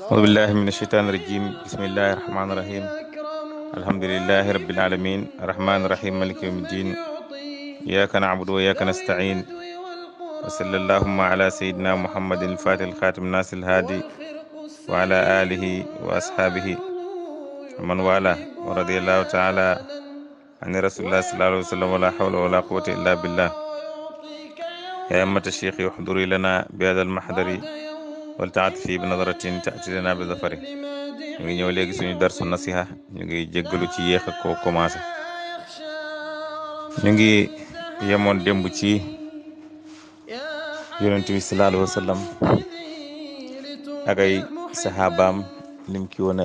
أعوذ بالله من الشيطان الرجيم بسم الله الرحمن الرحيم الحمد لله رب العالمين الرحمن الرحيم مالك يوم الدين إياك نعبد وإياك نستعين وصلى اللهم على سيدنا محمد الفاتح الخاتم الناس الهادي وعلى آله وأصحابه ومن والاه ورضي الله تعالى عن رسول الله صلى الله عليه وسلم ولا حول ولا قوة إلا بالله يا أمة الشيخ احضري لنا بهذا المحضر wala taat fii bi nadaratin taati lana bi zafari ñu ngi ñëw léegi suñu darsu nasiha ñu ngi jéggalu ci yéex a koo commencé ñu ngi yemoon démb ci yonent bi sallallahu alayhi wa sallam ak ay ak ñoom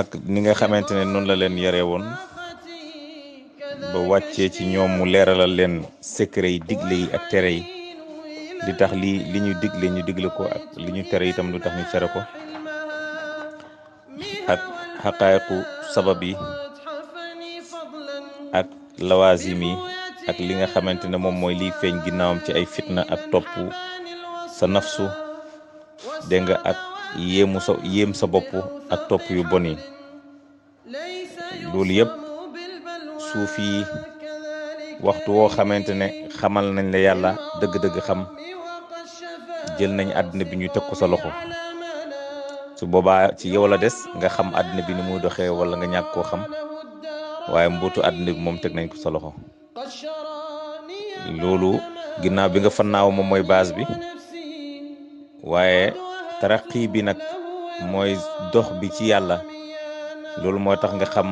ak ni nga xamante ne noonu la leen yare woon ba wàccee ci ñoom mu leeralal leen secret yi digle yi ak tere yi li tax li li ñu digle ñu digle ko ak li ñu tere itam lu tax tere ko ak xaqaayiqu sabab yi ak lawaazim yi ak li nga xamante ne moom mooy liy feeñ ginnaawam ci ay fitna ak topp sa nafsu dégg nga ak yéemu sa yéem sa bopp ak topp yu bon yi yëpp suuf yi waxtu woo xamante ne xamal nañ la yàlla dëgg-dëgg xam jël nañ àddina bi ñu teg ko sa loxo su boobaa ci yow la des nga xam àddina bi ni muy doxee wala nga ñàkk koo xam waaye mbuutu àddina bi moom teg nañ ko sa loxo loolu ginnaaw bi nga fannaaw moom mooy baas bi waaye taraqi bi nag mooy dox bi ci yàlla loolu moo tax nga xam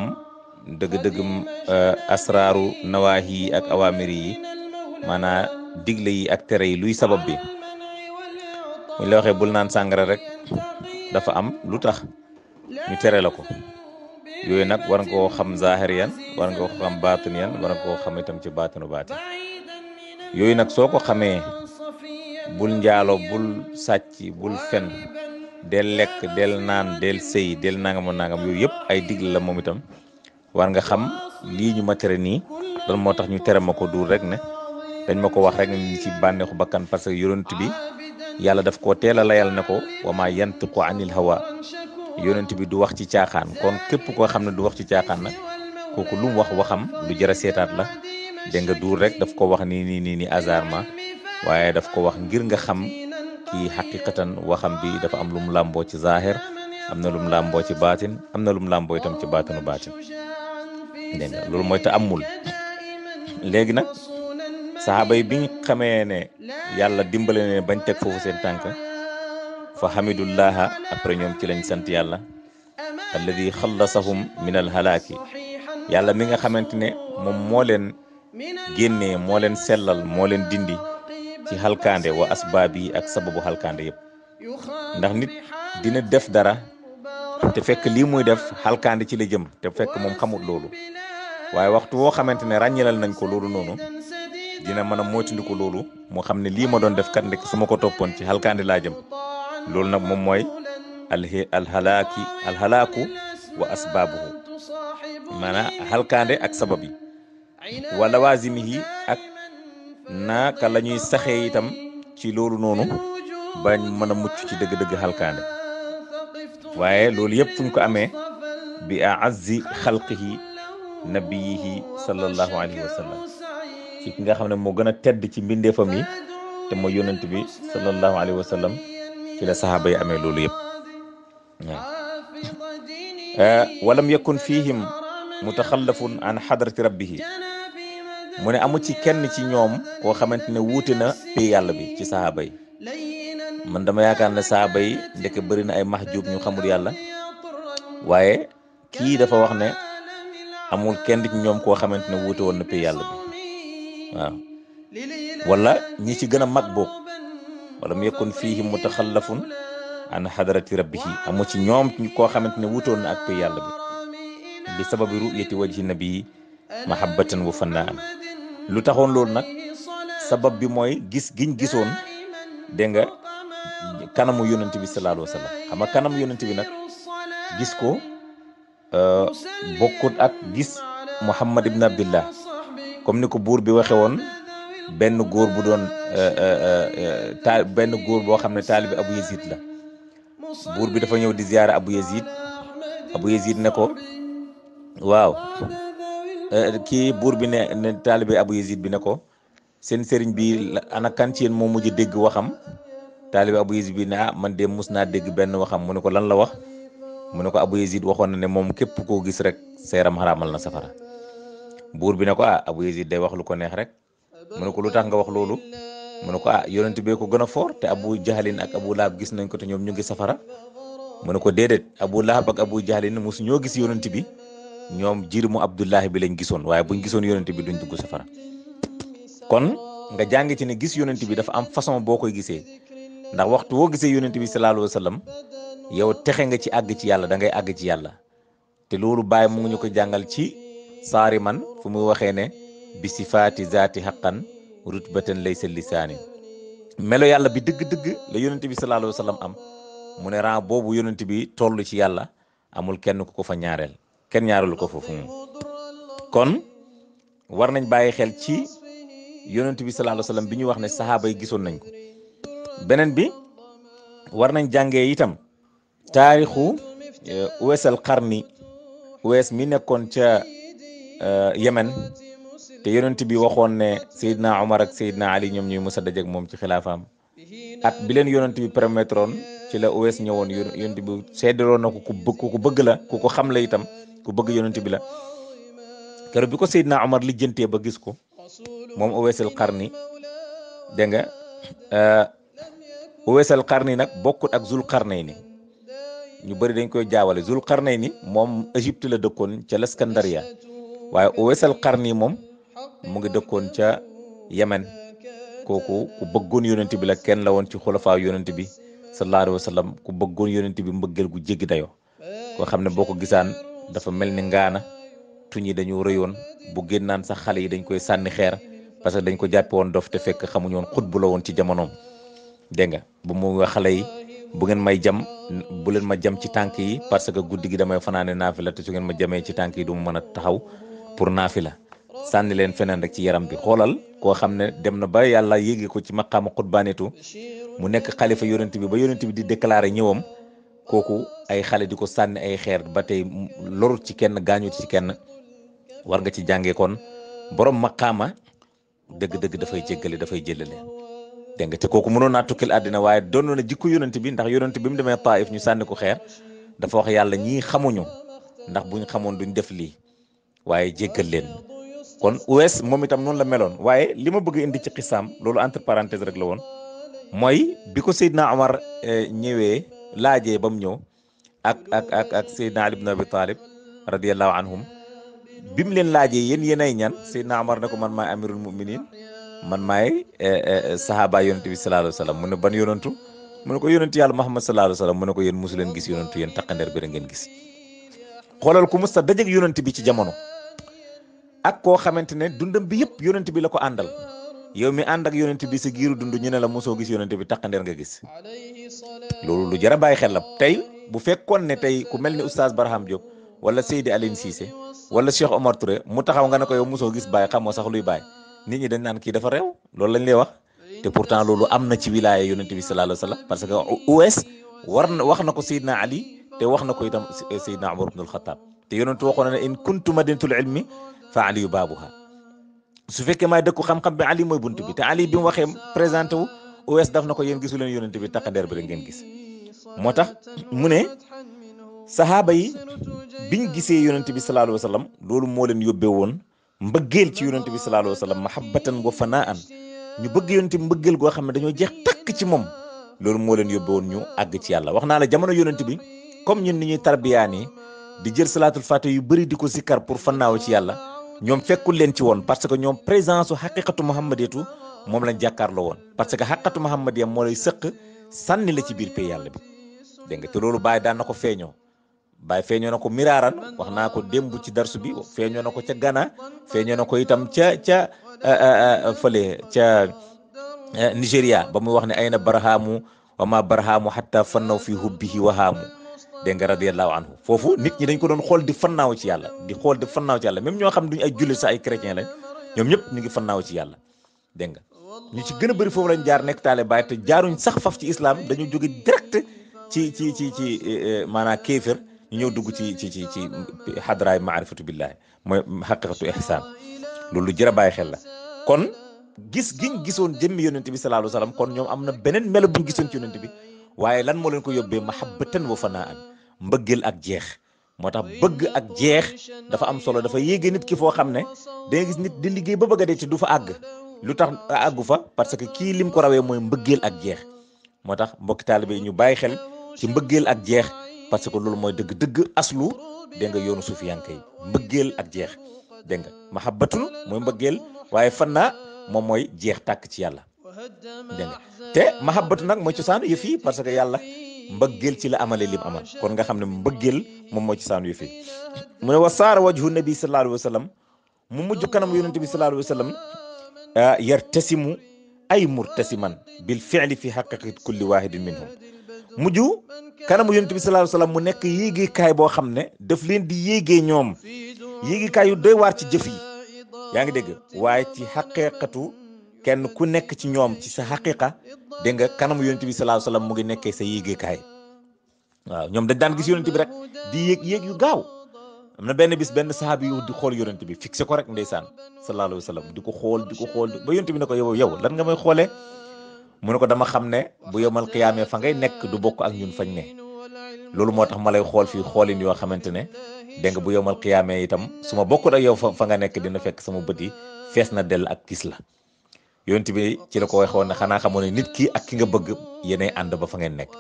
dëgg-dëgg euh, asraaru nawaahi yi ak awaamir yi maanaa digle yi ak tere yi luy sabab bi buñ la waxee bul naan sàngara rek dafa am lu tax ñu teree la ko yooyu nag war koo xam zaahir yan war nga koo xam baatin yan war koo xam itam ci baatinu baatin yooyu nag soo ko xamee bul njaalo bul sàcc bul fen del lekk del naan del sëy del nangam nangam yooyu yëpp ay digle la moom itam war nga xam lii ñu ma tere nii loolu moo tax ñu tere ma ko duur rek ne dañ ma ko wax rek ni ci bànneexu bakkan parce que yonent bi yàlla daf koo teel a layal ne ko wama yantiqu anil hawa yonent bi du wax ci caaxaan kon képp koo xam ne du wax ci caaxaan nag kooku lu mu wax waxam lu jar a seetaat la dégg nga duur rek daf ko wax nii nii nii nii hasardement waaye daf ko wax ngir nga xam kii xaqiqatan waxam bi dafa am lu mu làmboo ci zaahir am na lu mu làmboo ci baatin am na lu mu làmboo itam ci baatinu baatin loolu mooy te amul léegi nag saxaaba yi bi ñu xamee ne yàlla dimbale bañ teg foofu seen tànk fa hamidullaha après ñoom ci lañu sant yàlla alladi xallasahum min al halaaki yàlla mi nga xamante ne moom moo leen génnee moo leen sellal moo leen dindi ci xalkaande wa asbaab yi ak sababu xalkaande yëpp ndax nit dina def dara te fekk lii muy def xalkaandi ci la jëm te fekk moom xamut loolu waaye waxtu woo xamante ne ràññilal nañ ko loolu noonu dina mën a moytandiku loolu moo xam ne lii ma doon def kat ndek su ko toppoon ci xalkaandi laa jëm loolu nag moom mooy alhi alhalaaki alhalaaku wa asbaabuhu maanaam xalkaande ak sabab yi wa lawaazimihi ak naka la ñuy saxee itam ci loolu noonu bañ mën a mucc ci dëgg-dëgg xalkaande waaye loolu yëpp fu ko amee bi aazzi xalqihi nabiyihi sallallahu alayhi wa sallam ci ki nga xam ne moo gën a tedd ci mbindeefam yi te mooy yonent bi sallallahu alayhi wa sallam ci la saxaaba yi amee loolu yëpp waaw walam yakun fihim mutaxallafun an xadrati rabbihi mu ne amu ci kenn ci ñoom koo xamante ne wuute na pay yàlla bi ci saxaaba yi man dama yaakaar na saaba yi ndeke bëri na ay maxjuub ñu xamul yàlla waaye kii dafa wax ne amul kenn ci ñoom koo xamante ne wuute na pay yàlla bi waaw wala ñi ci gën a mag boog wala mu yekkoon fiihi mutaxallafun an xadarati rabbihi amu ci ñoom koo xamante ne wuute na ak yàlla bi bi sababi ru'yati wajhi nabi mahabbatan wa fannaan lu taxoon loolu nag sabab bi mooy gis giñ gisoon dégg ci kanamu yonent bi sallallahu alayhi wa sallam xam nga kanamu yonent bi nag gis ko euh, bokkut ak gis Muhammad ibn Abdillah comme ni ko buur bi waxe woon benn góor bu doon euh, euh, taal benn góor boo xam ne taalibi Abu Yazid la buur bi dafa ñëw di ziyaara Abu Yazid Abu Yazid ne ko waaw kii buur bi ne ne taalibi Abu Yazid bi ne ko seen sëriñ bi ana kan ci yéen moo dégg waxam taalibi abu yazid bi ne ah, man de mus naa dégg benn waxam mu ne ko lan la wax mu ne ko abu yazid waxoon na ne moom képp koo gis rek seeram xaraamal na safara buur bi ne ko ah abu yazid day wax lu ko neex rek mu ne ko lu tax nga wax loolu mu ko ah yonent bee ko gën a foor te abu jahalin ak abu lahab gis nañ ko te ñoom ñu safara mu ne ko déedéet abu lahab ak abu jahalin mosu ñoo gis yonent bi ñoom jiir mu abdullahi bi lañ gisoon waaye buñ gisoon yonent bi duñ dugg safara kon nga jàng ci ne gis yonent bi dafa am façon boo koy gisee ndax waxtu woo gisee yonent bi sallallahu alayhi wa sallam yow texe nga ci àgg ci yàlla da ngay àgg ci yàlla te loolu bàyyi mu ngi ñu ko jàngal ci saari man fu muy waxee ne bi sifaati zaati xaqan lay laysa lisaani melo yàlla bi dëgg-dëgg la yonent bi sallallahu alayhi wa am mu ne ran boobu yonent bi toll ci yàlla amul kenn ku ko fa ñaareel kenn ñaareelu ko foofu kon war nañ bàyyi xel ci yonent bi sallallahu alayhi bi ñu wax ne saxaaba yi gisoon nañ ko beneen bi war nañ jàngee itam taarixu eh, uweesal xarni uwees mi nekkoon ca eh, Yemen te yonent bi waxoon ne Seydina Omar ak Seydina Ali ñoom ñuy mos a dajeeg moom ci xilaafaam at bi leen yonent bi permettroon ci la uwees ñëwoon yonent bi seedaloon na ko ku bëgg bëgg la bi la keroog bi ko Seydina ba gis ko moom uweesal xarni dégg eh, wa weesal xarni nag bokkut ak zul xarnay ni ñu bëri dañ koy jaawale zul xarnay ni moom Égypte la dëkkoon ca Iskandariya waaye wa weesal xarni moom mu ngi dëkkoon ca Yemen kooku ku bëggoon yonent bi la kenn la woon ci xulafaa yonent bi sallallahu alayhi wa sallam ku bëggoon yonent bi mbëggeel gu jéggi dayoo koo xam ne boo ko gisaan dafa mel ni ngaana tuñ yi dañu rëyoon bu naan sax xale yi dañ koy sànni xeer parce que dañ ko jàppe woon dof te fekk xamuñu woon bu la woon ci jamonoom dégg nga bu mu xale yi bu ngeen may jam bu leen ma jam ci tànk yi parce que guddi gi damay fanaane naafila te su ngeen ma jamee ci tànk yi du mu mën a taxaw pour naafi la sànni leen feneen rek ci yaram bi xoolal koo xam ne dem na ba yàlla yéegi ko ci maqaama xutbaanitu mu nekk xalifa yonent bi ba yonent bi di déclaré ñëwam kooku ay xale di ko sànni ay xeer ba tey lorut ci kenn gaañut ci kenn war nga ci jàngee kon borom maqaama dëgg-dëgg dafay jéggale dafay jëlale dégg te kooku mënoon naa tukkil àddina waaye doon na jikko yonent bi ndax yonent bi mu demee Taif ñu sànni ko xeer dafa wax yàlla ñii xamuñu ndax buñ xamoon duñ def lii waaye jéggal leen kon US moom itam noonu la meloon waaye li ma bëgg indi ci xisaam loolu entre parenthèse rek la woon mooy bi ko Seydina Omar eh, ñëwee laaje ba mu ñëw ak ak ak ak Seydina Ali ibn Abi Talib radiyallahu anhum bi mu leen laajee yéen yéenay ñan Seydina Omar ne ko man maay amirul muminin man maay eh, eh, eh, sahaaba yonent bi sallallahu alayhi wa sallam mu ne ban yonantu mu ne ko yonantu yàlla Muhammad sallallahu alayhi wa sallam mu ne ko yéen mosu leen gis yonantu yéen taqandeer bi ngeen gis xoolal ku musta dajeeg yonent bi ci jamono ak koo xamante ne dundam bi yëpp yonent bi la ko àndal yow mi ànd ak yonent bi sa giiru dund ñu ne la mosoo gis yonent bi taqandeer nga gis loolu lu jar a bàyyi xel la tey bu fekkoon ne tey ku mel ni oustaz Barham Diop wala Seydi Aline Cissé wala Cheikh Omar Touré mu taxaw nga ne ko yow mosoo gis bàyyi xamoo sax luy bàyyi nit ñi dañ naan kii dafa réew loolu lañ lay wax te pourtant loolu am na ci wilaaya yonent bi sallallahu alayhi wa parce que us war na wax na ko Seydina Ali te wax na ko itam Seydina Umar ibnul Xataab te yonentu waxoon na in kuntu madinatul ilmi fa aliyu baabuha su fekkee maay dëkku xam-xam bi ali mooy buntu bi te ali bi mu waxee présenté wu us na ko yéen gisuleen leen bi bi taqandeer bi rek ngeen gis moo tax mu ne sahaaba yi biñ gisee yonent bi sallallahu alayhi wa sallam loolu moo leen yóbbee woon mbëggeel ci yonent bi sallallahu alayhi wa sallam mahabbatan wa fanaan ñu bëgg yonent bi mbëggeel goo xam ne dañoo jeex takk ci moom loolu moo leen yóbbe woon ñu àgg ci yàlla wax naa la jamono yonent bi comme ñun ni ñuy tarbiyaani di jël salaatul faate yu bëri di ko sikkar pour fannaaw ci yàlla ñoom fekkul leen ci woon parce que ñoom présence su xaqiqatu muhammadiyatu moom lañ jàkkaarloo woon parce que xaqiqatu muhammadiya moo lay sëq sànni la ci biir pay yàlla bi dégg nga te loolu bàyyi daan na ko feeñoo Baye feeñoo na ko miraaran wax naa ko démb ci darsu bi feeñoo na ko ca Ghana feeñoo na ko itam ca ca fële ca Nigéria ba mu wax ne ay na barahaamu wa ma barahaamu hatta fannaw fi hubbihi wahaamu dégg nga radiyallahu anhu foofu nit ñi dañ ko doon xool di fannaaw ci yàlla di xool di fannaaw ci yàlla même ñoo xam duñu ay jullit sax ay chrétien lañ ñoom ñëpp ñu ngi fannaaw ci yàlla dégg nga ñu ci gën a foofu lañ jaar nekk taale Baye te jaaruñ sax faf ci islam dañu jóge direct ci ci ci ci e, e, maanaam kéefër ñu ñëw dugg ci ci ci ci xadraay maarifatu billahi mooy xaqiqatu ihsaan loolu lu jër a bàyyi xel la kon gis giñ gisoon jëmmi yonente bi sallallahu alayhi wasallam kon ñoom am na beneen melo buñ gisoon ci yonente bi waaye lan moo leen ko yóbbee mahabbatan wa fanaan mbëggeel ak jeex moo tax bëgg ak jeex dafa am solo dafa yéegee nit ki foo xam ne da gis nit di liggéey ba bëgg a dee ci du fa àgg lu tax àggu fa parce que kii lim ko rawee mooy mbëggeel ak jeex moo tax mbokki taalibe yi ñu bàyyi xel ci mbëggeel ak jeex parce que loolu mooy dëgg-dëgg aslu dégg nga yoonu suufiyanke yi mbëggeel ak jeex dégg nga mahabbatun mooy mbëggeel waaye fanna moom mooy jeex tàkk ci yàlla dégg nga te mahabbatu nag mooy cosaanu yëf parce que yàlla mbëggeel ci la amale lim amal kon nga xam ne mbëggeel moom mooy cosaanu yëf yi mu ne wa saara wajhu nabi sallallahu alayhi wa sallam mu mujj kanam yonente bi sallallahu alayhi wa sallam ah, yartasimu ay murtasiman bil fi'li fi haqiqati kulli wahidin minhum mujj kanamu yonent bi sallallahu alayhi mu nekk yéegéekaay boo xam ne daf leen di yéegee ñoom yéegeekaay yu doy waar ci jëf yi yaa ngi dégg waaye ci xaqiqatu kenn ku nekk ci ñoom ci sa xaqiqa dégg nga kanamu yonent bi sallallahu alayhi mu ngi nekkee sa yéegeekaay waaw ñoom da daan gis yonent bi rek di yéeg yéeg yu gaaw am na benn bis benn sahabi yu di xool yonent bi fixé ko rek ndeysaan sallallahu alayhi wasallam di ko xool di ko xool ba yonent bi ne ko yow yow lan nga may xoolee mu ne ko dama xam ne bu yomal xiyaamee fa ngay nekk du bokk ak ñun fañ ne loolu moo tax ma lay xool fi xoolin yoo xamante ne dégg nga bu yomal xiyaamee itam su ma bokkul ak yow fa nga nekk fekk sama bët yi fees na dell ak gis la yonent bi ci la ko ne xanaa xamoon ne nit ki ak ki nga bëgg yéenay ànd ba fa ngeen nekk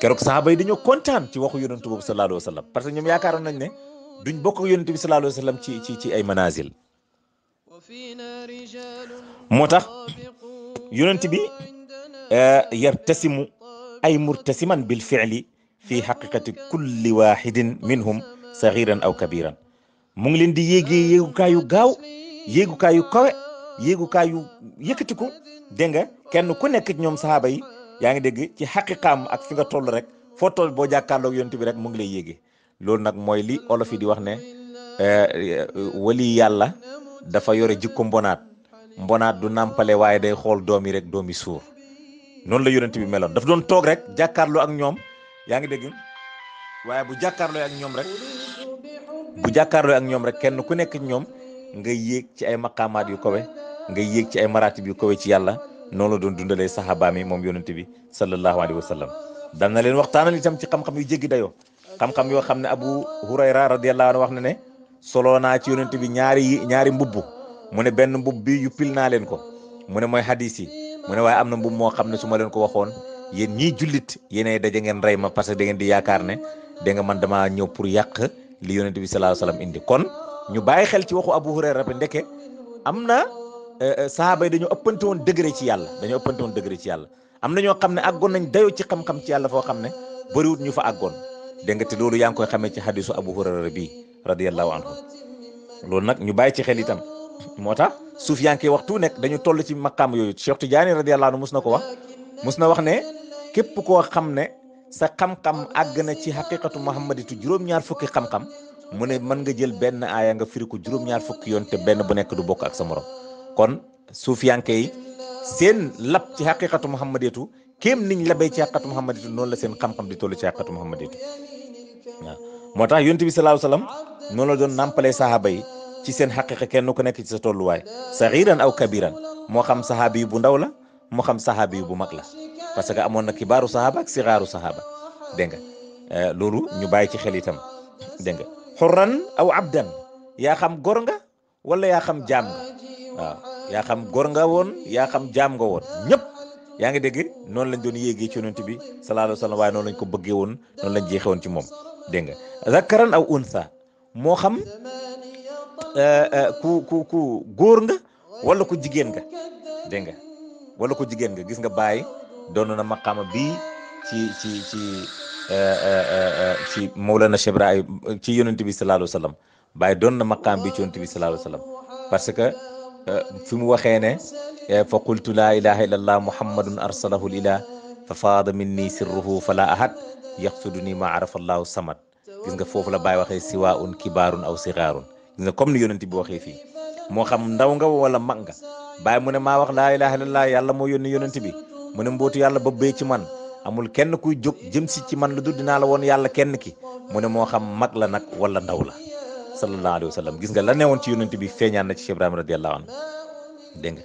keroog saxaaba yi dañoo kontaan ci waxu yonent boobu sallallahu alayhi wa sallam parce que ñoom yaakaaroon nañ ne duñ bokk ak yonent bi sallallahu alayhi wa sallam ci ci ci ay manazil moo tax yonent bi yartasimu ay murtasiman bil fi'li fi xaqiqati kulli waxidin minhum saxiran aw kabiran mu ngi leen di yéegee yu gaaw yu yéegukaayu kawe yéegukaayu yëkkatiku dégg nga kenn ku nekk ñoom sahaaba yi yaa ngi dégg ci xaqiqaam ak fi nga toll rek foo toll boo jàkkaarloog yonent bi rek mu ngi lay yéegee loolu nag mooy li olof yi di wax ne euh, wali yàlla dafa yore jikko mbonaat mbonaat du nampale waaye day xool doom yi rek doom yi suur noonu la yonent bi meloon daf doon toog rek jàkkaarloo ak ñoom yaa ngi dégg waaye bu jàkkaarloo ak ñoom rek bu jàkkaarloo ak ñoom rek kenn ku nekk ñoom nga yéeg ci ay maqaamaat yu kowe nga yéeg ci ay maratib yu kowe ci yàlla noonu la doon dundalee saxaabaam yi moom yonent bi sallallahu alayhi wa sallam daan na leen waxtaanal itam ci xam-xam yu jéggi dayoo xam-xam yoo xam ne Abu Hurayra radiyallahu anhu wax na ne solo naa ci yonent bi ñaari ñaari mbubb mu ne benn mbubb bi yu pil naa leen ko mu ne mooy hadis mu ne waaye am na mbubb moo xam ne su ma leen ko waxoon yéen ñii jullit yéenay daje ngeen rey ma parce que da ngeen di yaakaar ne da nga man damaa ñëw pour yàq li yonent bi sallallahu alayhi indi kon ñu bàyyi xel ci waxu Abu Hurayra bi ndeke am na eh, eh, sahaaba yi dañoo ëppanti woon degré ci yàlla dañoo ëppante woon degré ci yàlla am na ñoo xam ne àggoon nañ dayoo ci xam-xam ci yàlla foo xam ne bëriwut ñu fa àggoon dégg nga te loolu yaa ngi koy xamee ci hadisu Abu Hurayra bi radiyallahu anhu loolu nag ñu bàyyi ci xel itam moo tax suufiyanke waxtu nekk dañu toll ci maqaam yooyu Cheikh Tidiane radiyallahu anhu mus ko wax mus na wax ne képp koo xam ne sa xam-xam na ci xaqiqatu muhammaditu juróom-ñaar fukki xam mu ne mën nga jël benn aaya nga firi juróom-ñaar fukki yoon te benn bu nekk du bokk ak sa morom kon suufiyanke yi seen lab ci xaqiqatu muhammaditu kéem niñ labay ci xaqiqatu muhammaditu noonu la seen xam-xam di toll ci xaqiqatu muhammaditu waaw moo tax yonent bi sallallahu alayhi wasallam noonu la doon nàmpalee sahaaba yi ci seen xaqiqa kenn ku nekk ci sa tollu tolluwaay saxiran aw kabiran moo xam saxaabi yi bu ndaw la moo xam saxaabi yi bu mag la parce que amoon na kibaaru saxaaba ak sixaaru saxaaba dégg nga euh, loolu ñu bàyyi ci xel itam dégg nga xurran aw abdan yaa xam gor nga wala yaa xam jaam nga waaw yaa xam gor nga woon yaa xam jaam nga woon ñëpp yaa ngi dégg noonu lañ doon yéegee ci yonent bi sallallahu alayhi wa sallam waaye noonu lañ ko bëggee woon noonu lañ jeexee woon ci moom dégg nga zakaran aw untha moo xam Euh, euh, ku ku ku góor nga wala ku jigéen nga dégg nga wala ku jigéen nga gis nga bàyyi doon na maqaama bii ci ci ci euh, ci Mawlana Cheikh Ibrahim ci yonent bi sallallahu alayhi wa sallam bàyyi doon na maqaam bi ci yonent bi sallallahu alayhi wa sallam parce que fi mu waxee ne fa qultu laa ilaha illa allah muhammadun arsalahu l ilah fa faada min nii sirruhu fala ahad yaqsudu nii ma arafa allahu samad gis nga foofu la bàyyi waxee siwaun kibaarun aw sigaarun dina comme ni yonent bi waxee fii moo xam ndaw nga wala mag nga bàyyi mu ne maa wax laa ilaha illallah yàlla moo yónni yonent bi mu ne mbootu yàlla ba bee ci man amul kenn kuy jóg jëm si ci man lu dul dinaa la woon yàlla kenn ki mu ne moo xam mag la nag wala ndaw la sallallahu alayhi wa gis nga la newoon ci yonent bi feeñaan na ci Cheikh Ibrahima radiyallahu anhu dégg nga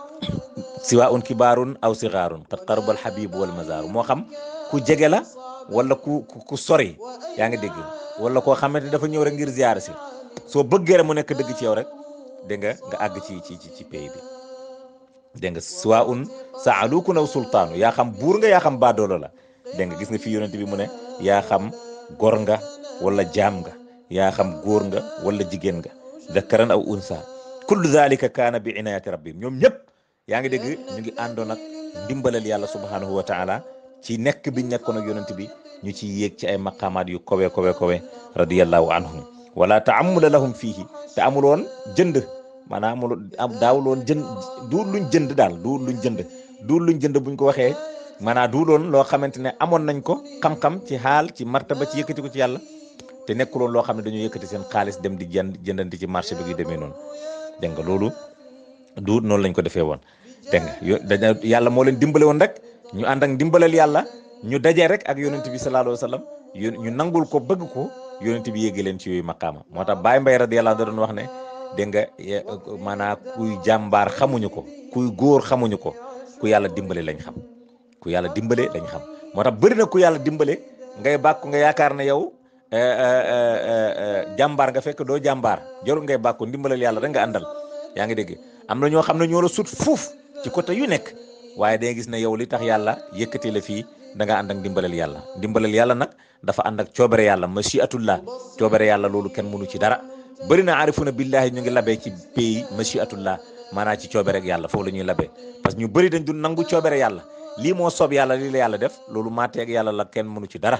siwaun kibaarun aw sigaarun qad qarabal xabibu wal mazaaru moo xam ku jege la wala ku ku sori yaa ngi dégg wala koo xamante dafa ñëw rek ngir ziyaara si soo bëggee rek mu nekk dëgg ci yow rek dégg nga nga àgg ci ci ci ci pays bi dégg nga soit un saaluukun aw sultaanu yaa xam buur nga yaa xam baadoolo la dégg nga gis nga fi yonent bi mu ne yaa xam gor nga wala jaam nga yaa xam góor nga wala jigéen nga dakaran aw unsa kullu dalika kaana bi inayati rabbihim ñoom ñëpp yaa ngi dégg ñu ngi àndoon ak ndimbalal yàlla subhanahu wa taala ci nekk bi nekkoon ak yonent bi ñu ci yéeg ci ay maqaamaat yu kowe kowe kowe radiyallahu anhum wala taamula lahum fiihi te amul woon jënd maanaam amul daawul woon jënd duul luñ jënd daal duul luñ jënd duul luñ jënd buñ ko waxee maanaam duuloon loo xamante ne amoon nañ ko xam-xam ci xaal ci martaba ci yëkkati ko ci yàlla te nekkuloon loo xam ne dañoo yëkkati seen xaalis dem di jënd jëndanti ci marché bi yu demee noonu dégg nga loolu duut noonu lañ ko defee woon dégg nga dañu yàlla moo leen dimbale woon rek ñu ànd ak yàlla ñu dajee rek ak yonent bi sallallahu alayhi wa sallam ñu nangul ko bëgg yonent bi yéegi leen ci yooyu maqaama moo tax Baye Mbaye radiyallahu da doon wax ne dégg nga maanaam kuy jàmbaar xamuñu ko kuy góor xamuñu ko ku yàlla dimbale lañ xam yàlla dimbale lañ xam moo tax bëri na ku yàlla dimbale ngay bàkku nga yaakaar ne yow eh, eh, eh, jàmbaar nga fekk doo jàmbaar jarul ngay bàkku ndimbalal yàlla da nga àndal yaa ngi dégg am na ñoo xam ne ñoo la sut fuuf ci côté yu nekk waaye dangay gis na yow li tax yàlla yëkkati la fii danga ngaa ànd yàlla ndimbalal yàlla nag dafa ànd ak coobare yàlla masiatullah coobare yàlla loolu kenn mënu ci dara bëri na aarifuna billahi ñu ngi labee ci pays masiatullah maanaam ci coobare ak yàlla foofu la ñuy labee parce que ñu bëri dañ du nangu coobare yàlla lii moo soob yàlla lii la yàlla def loolu maatee ak yàlla la kenn mënu ci dara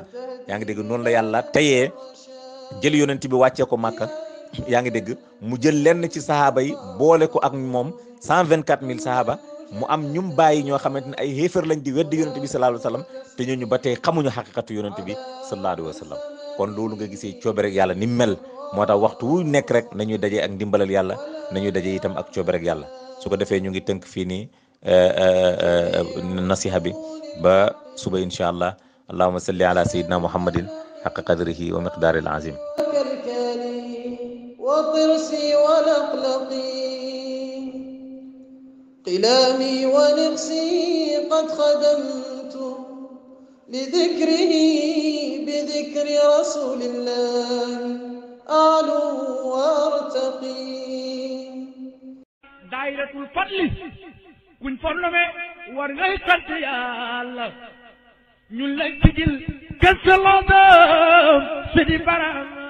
yaa ngi dégg noonu la yàlla teyee jël yonent bi wàccee ko màkka yaa ngi dégg mu jël lenn ci sahaaba yi boole ko ak moom 124 000 sahaaba mu am ñum bàyyi ñoo xamante ne ay xéefar lañ di weddi yonente bi sallallahu alayhi wa sallam te ñooñu ba tey xamuñu xaqiqatu yonente bi sallallahu alayhi wa sallam kon loolu nga gisee coobe rek yàlla ni mel moo tax waxtu nekk rek na ñuy dajee ak ndimbalal yàlla nañuy dajee itam ak coobe rek yàlla su ko defee ñu ngi tënk fii nii eh, eh, eh, nasiha bi ba suba incha allah allahuma salli ala sayidina muhammadin xaqa qadrihi wa miqdaari al قلامي ونفسي قد خدمت لذكره بذكر رسول الله أعلو وأرتقي dayratul fadli kuñ fornome war ngay sant yàlla ñun lañ ci jël gëstaloon sidi baram